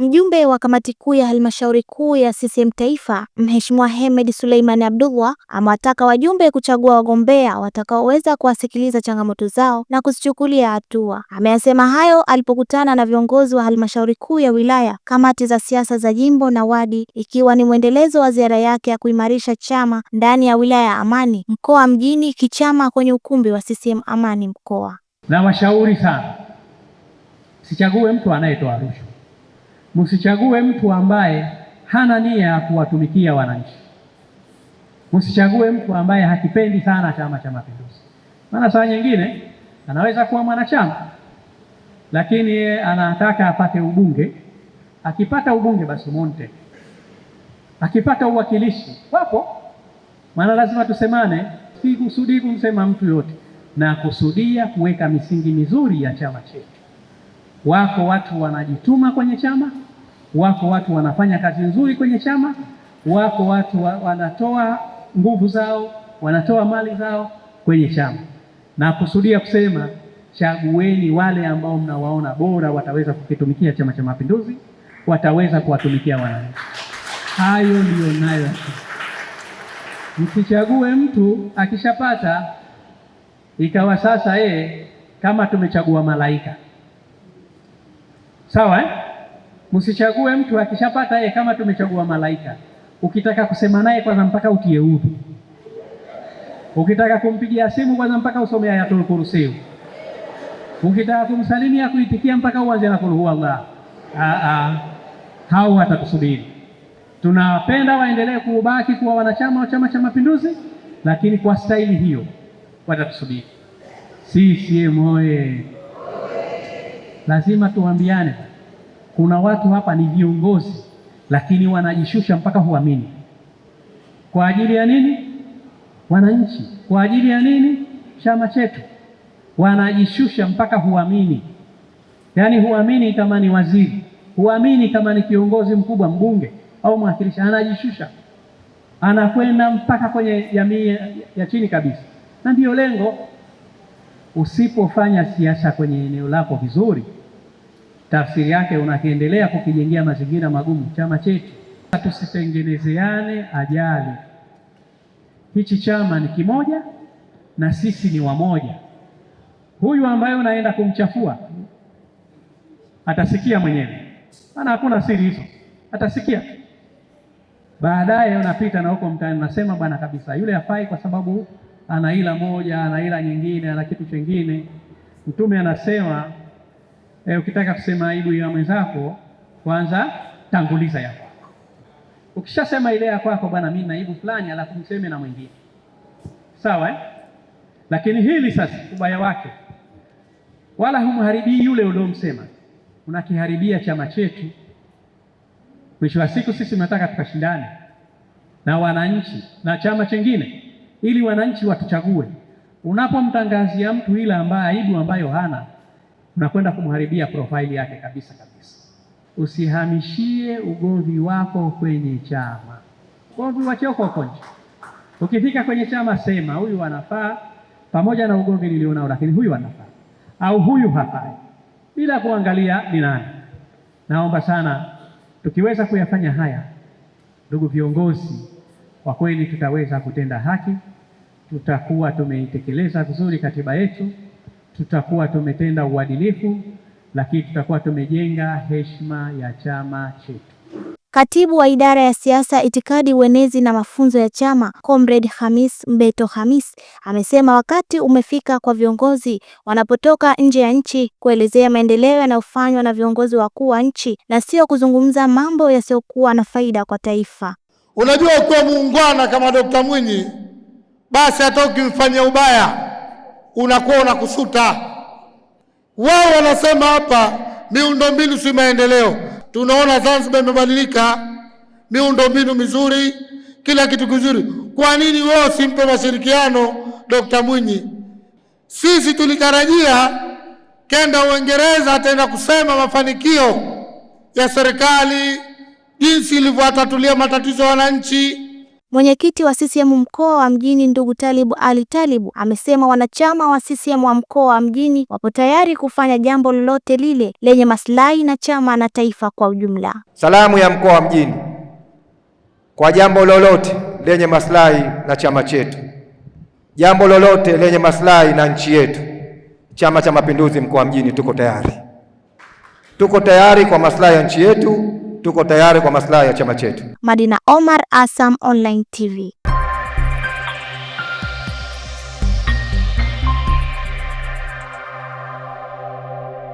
Mjumbe wa kamati kuu ya halmashauri kuu ya CCM Taifa, Mheshimiwa Hemed Suleiman Abdullah amewataka wajumbe kuchagua wagombea watakaoweza kuwasikiliza changamoto zao na kuzichukulia hatua. Ameyasema hayo alipokutana na viongozi wa halmashauri kuu ya wilaya, kamati za siasa za jimbo na wadi, ikiwa ni mwendelezo wa ziara yake ya kuimarisha chama ndani ya wilaya ya Amani mkoa mjini kichama kwenye ukumbi wa CCM Amani mkoa. Na mashauri sana, sichague mtu anayetoa rushwa Msichague mtu ambaye hana nia ya kuwatumikia wananchi. Msichague mtu ambaye hakipendi sana Chama cha Mapinduzi, maana saa nyingine anaweza kuwa mwanachama lakini yeye anataka apate ubunge. Akipata ubunge basi monte, akipata uwakilishi wapo. Maana lazima tusemane, sikusudii kumsema mtu yote, na kusudia kuweka misingi mizuri ya chama chetu. Wako watu wanajituma kwenye chama, wako watu wanafanya kazi nzuri kwenye chama, wako watu wa, wanatoa nguvu zao, wanatoa mali zao kwenye chama. Na kusudia kusema chagueni wale ambao mnawaona bora wataweza kukitumikia Chama cha Mapinduzi, wataweza kuwatumikia wananchi. Hayo ndiyo nayo, msichague mtu akishapata ikawa sasa yeye kama tumechagua malaika. Sawa eh? Msichague mtu akishapata yeye, kama tumechagua malaika. Ukitaka kusema naye kwanza mpaka utie udhu, ukitaka kumpigia simu kwanza mpaka usome Ayatul Kursi, ukitaka kumsalimia kuitikia mpaka uanze na Ah, ah, Hao watakusubiri Tunawapenda waendelee kubaki kuwa wanachama wa Chama cha Mapinduzi, lakini kwa staili hiyo watatusubiri. CCM oye! lazima tuambiane, kuna watu hapa ni viongozi, lakini wanajishusha mpaka huamini. Kwa ajili ya nini? Wananchi. Kwa ajili ya nini? Chama chetu. Wanajishusha mpaka huamini, yaani huamini kama ni waziri, huamini kama ni kiongozi mkubwa, mbunge au mwakilishi, anajishusha anakwenda mpaka kwenye jamii ya, ya chini kabisa, na ndiyo lengo. Usipofanya siasa kwenye eneo lako vizuri, tafsiri yake unakiendelea kukijengea mazingira magumu chama chetu. Tusitengenezeane ajali. Hichi chama ni kimoja na sisi ni wamoja. Huyu ambaye unaenda kumchafua atasikia mwenyewe, maana hakuna siri hizo, atasikia baadaye. Unapita na huko mtaani, unasema bwana, kabisa yule afai kwa sababu ana ila moja, ana ila nyingine, ana kitu chengine. Mtume anasema e, ukitaka kusema aibu ya mwenzako kwanza tanguliza ya kwako. Ukishasema ile ya kwako, bwana, mimi na aibu fulani, alafu mseme na mwingine, sawa eh? Lakini hili sasa, ubaya wake wala humharibii yule uliomsema, unakiharibia chama chetu. Mwisho wa siku sisi tunataka tukashindane na wananchi na chama chingine ili wananchi watuchague. Unapomtangazia mtu ile ambaye aibu ambayo hana, unakwenda kumharibia profaili yake kabisa kabisa. Usihamishie ugomvi wako kwenye chama. Ugomvi wa cheo uko nje. Ukifika kwenye chama, sema huyu anafaa, pamoja na ugomvi nilionao, lakini huyu anafaa au huyu hafai, bila kuangalia ni nani. Naomba sana tukiweza kuyafanya haya, ndugu viongozi, kwa kweli tutaweza kutenda haki tutakuwa tumeitekeleza vizuri katiba yetu, tutakuwa tumetenda uadilifu, lakini tutakuwa tumejenga heshima ya chama chetu. Katibu wa idara ya siasa, itikadi, uenezi na mafunzo ya chama Comrade Hamis Mbeto Hamis amesema wakati umefika kwa viongozi wanapotoka nje ya nchi kuelezea maendeleo yanayofanywa na viongozi wakuu wa nchi na sio kuzungumza mambo yasiyokuwa na faida kwa taifa. Unajua, kuwa muungwana kama Dr. Mwinyi basi hata ukimfanyia ubaya unakuwa unakusuta. Wao wanasema hapa miundombinu si maendeleo. Tunaona Zanzibar imebadilika, miundombinu mizuri, kila kitu kizuri. Kwa nini wao simpe mashirikiano Dr. Mwinyi? Sisi tulitarajia kenda Uingereza ataenda kusema mafanikio ya serikali, jinsi ilivyoatatulia matatizo ya wananchi Mwenyekiti wa CCM mkoa wa mjini ndugu Talibu Ali Talibu amesema wanachama wa CCM wa mkoa wa mjini wapo tayari kufanya jambo lolote lile lenye maslahi na chama na taifa kwa ujumla. Salamu ya mkoa wa mjini kwa jambo lolote lenye maslahi na chama chetu, jambo lolote lenye maslahi na nchi yetu. Chama cha Mapinduzi mkoa wa mjini tuko tayari, tuko tayari kwa maslahi ya nchi yetu tuko tayari kwa maslahi ya chama chetu. Madina Omar, ASAM Online TV.